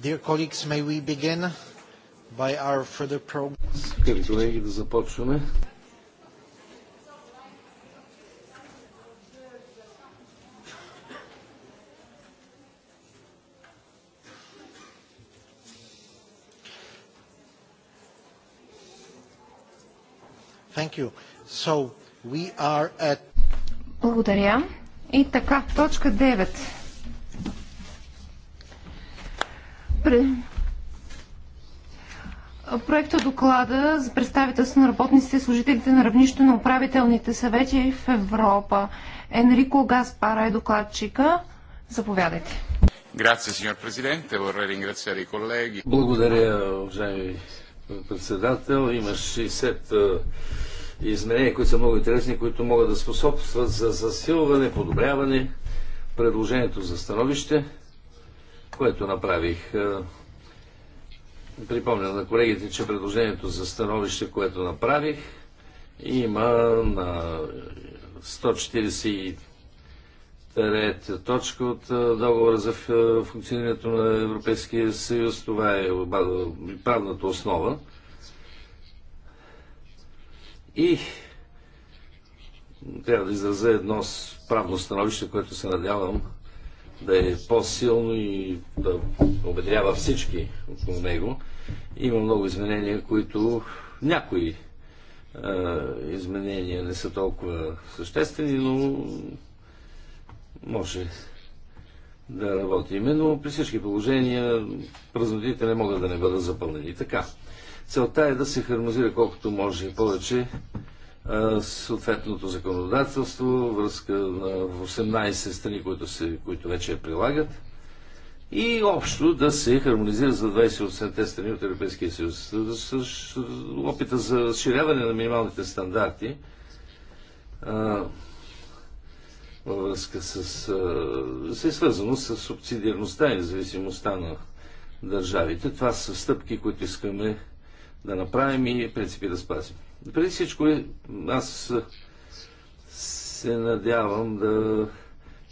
Dear colleagues, may we begin by our further progress? Скъпи колеги, да започваме. Thank you. So we are at... Благодаря. И така, точка 9. Проекта доклада за представителство на работниците и служителите на равнището на управителните съвети в Европа. Енрико Гаспара е докладчика. Заповядайте. Благодаря, уважаеми председател. Има 60 изменения, които са много интересни, които могат да способстват за засилване, подобряване предложението за становище което направих. Е, Припомня на колегите, че предложението за становище, което направих, има на 143 точка от е, договора за е, функционирането на Европейския съюз. Това е правната основа. И трябва да изразя едно правно становище, което се надявам да е по-силно и да обединява всички около него. Има много изменения, които някои а, е, изменения не са толкова съществени, но може да работиме, но при всички положения празнотите не могат да не бъдат запълнени. Така, целта е да се хармонизира колкото може повече съответното законодателство, връзка на 18 страни, които, се, които вече прилагат и общо да се хармонизира за 28-те страни от Европейския съюз. опита за разширяване на минималните стандарти а, във връзка с... А, се е свързано с субсидиарността и независимостта на държавите. Това са стъпки, които искаме да направим и принципи да спазим. Преди всичко, е, аз се надявам да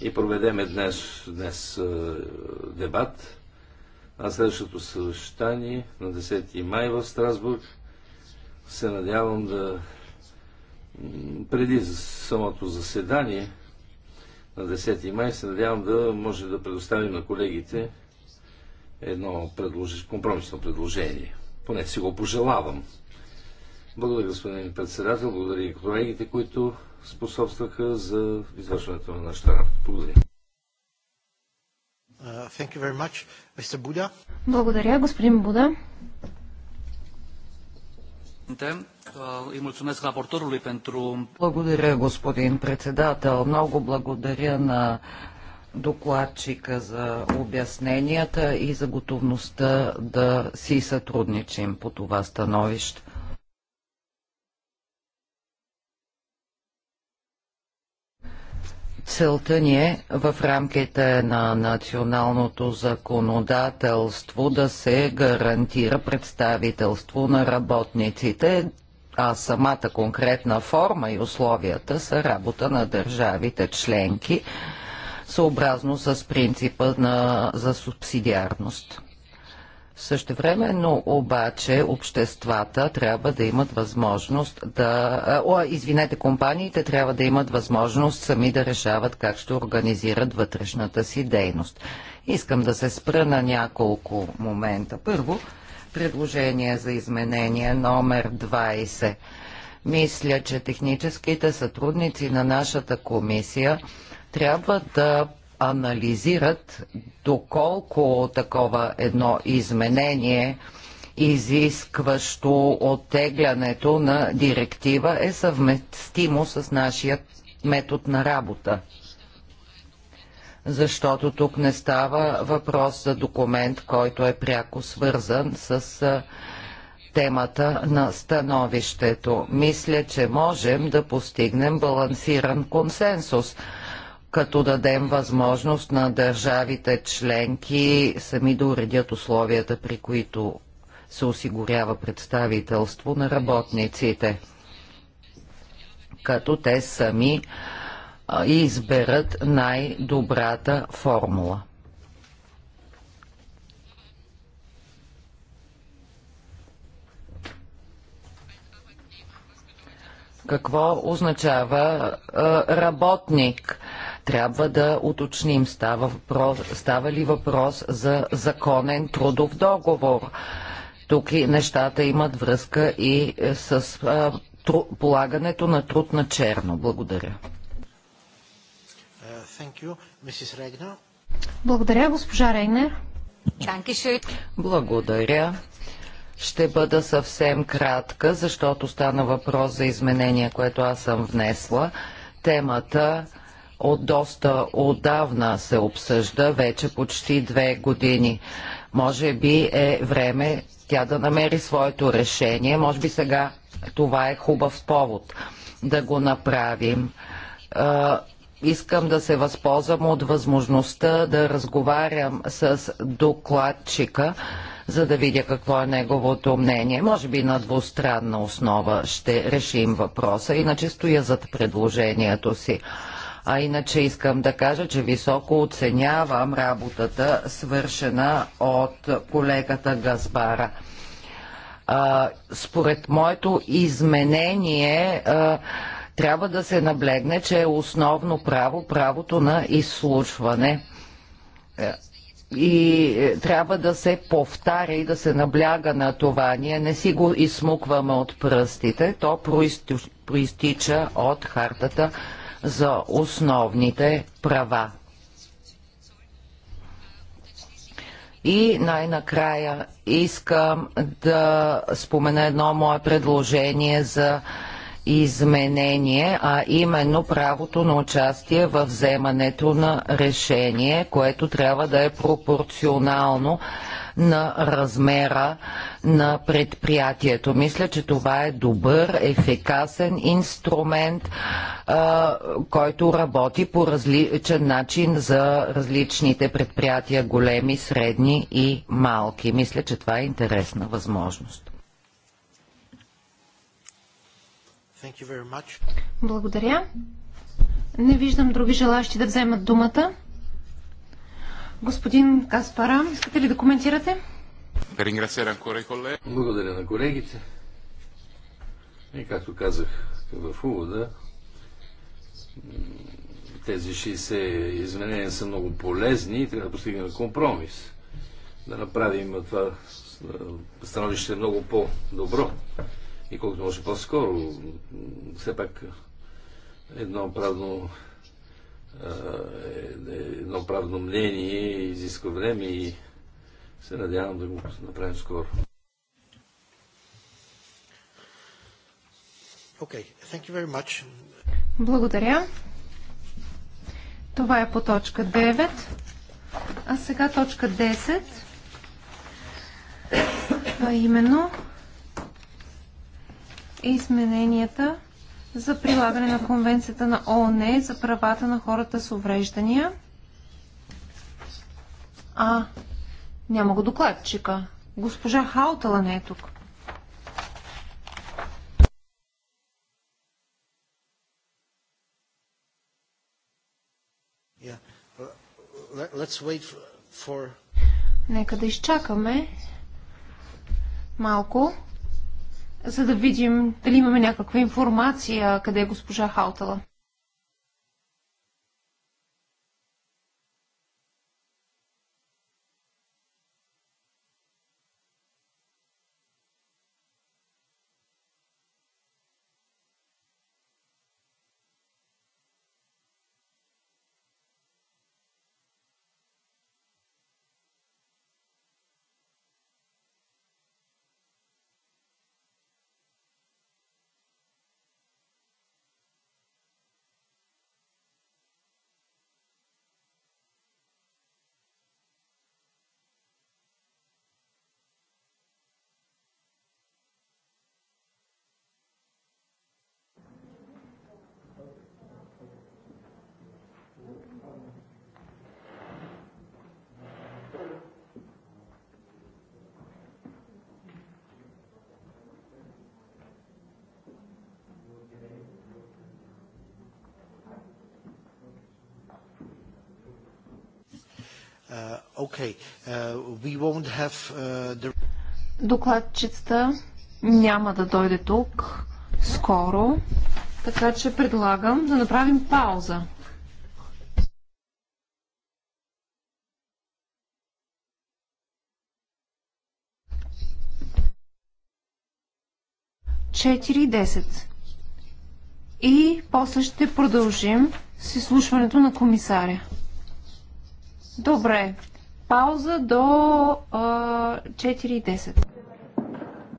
и проведеме днес, днес е, дебат а следващото съвещание на 10 май в Страсбург се надявам да преди самото заседание на 10 май се надявам да може да предоставим на колегите едно предлож... компромисно предложение. Поне си го пожелавам. Благодаря, господин председател. Благодаря и колегите, които способстваха за извършването на нашата работа. Благодаря. Uh, благодаря, господин Буда. Uh, благодаря, господин председател. Много благодаря на докладчика за обясненията и за готовността да си сътрудничим по това становище. Целта ни е в рамките на националното законодателство да се гарантира представителство на работниците, а самата конкретна форма и условията са работа на държавите членки съобразно с принципа на, за субсидиарност. Същевременно обаче обществата трябва да имат възможност да... О, извинете, компаниите трябва да имат възможност сами да решават как ще организират вътрешната си дейност. Искам да се спра на няколко момента. Първо, предложение за изменение номер 20. Мисля, че техническите сътрудници на нашата комисия трябва да анализират доколко такова едно изменение изискващо оттеглянето на директива е съвместимо с нашия метод на работа. Защото тук не става въпрос за документ, който е пряко свързан с темата на становището. Мисля, че можем да постигнем балансиран консенсус – като дадем възможност на държавите членки сами да уредят условията, при които се осигурява представителство на работниците, като те сами изберат най-добрата формула. Какво означава работник? трябва да уточним, става, въпрос, става ли въпрос за законен трудов договор. Тук и нещата имат връзка и е, с а, тру, полагането на труд на черно. Благодаря. Uh, Благодаря, госпожа Рейнер. Благодаря. Ще бъда съвсем кратка, защото стана въпрос за изменение, което аз съм внесла. Темата от доста отдавна се обсъжда, вече почти две години. Може би е време тя да намери своето решение. Може би сега това е хубав повод да го направим. Искам да се възползвам от възможността да разговарям с докладчика, за да видя какво е неговото мнение. Може би на двустранна основа ще решим въпроса, иначе стоя зад предложението си. А иначе искам да кажа, че високо оценявам работата, свършена от колегата Гаспара. А, според моето изменение а, трябва да се наблегне, че е основно право правото на изслушване е, и е, трябва да се повтаря и да се набляга на това. Ние не си го изсмукваме от пръстите, то проистича от хартата за основните права. И най-накрая искам да спомена едно мое предложение за изменение, а именно правото на участие в вземането на решение, което трябва да е пропорционално на размера на предприятието. Мисля, че това е добър, ефикасен инструмент, а, който работи по различен начин за различните предприятия, големи, средни и малки. Мисля, че това е интересна възможност. Благодаря. Не виждам други желащи да вземат думата. Господин Каспара, искате ли да коментирате? Благодаря на колегите. И както казах в увода, тези 60 изменения са много полезни и трябва да постигнем компромис. Да направим това становище много по-добро и колкото може по-скоро. Все пак едно правно е, е, едно правно мнение изисква време и се надявам да го направим скоро. Okay. Thank you very much. Благодаря. Това е по точка 9. А сега точка 10. А именно измененията за прилагане на Конвенцията на ООН за правата на хората с увреждания. А, няма го докладчика. Госпожа Хаутала не е тук. For... Нека да изчакаме малко за да видим дали имаме някаква информация къде е госпожа Халтала. Uh, uh, uh, Докладчицата няма да дойде тук скоро, така че предлагам да направим пауза. Четири и десет. И после ще продължим с изслушването на комисаря. Добре. Пауза до 4.10.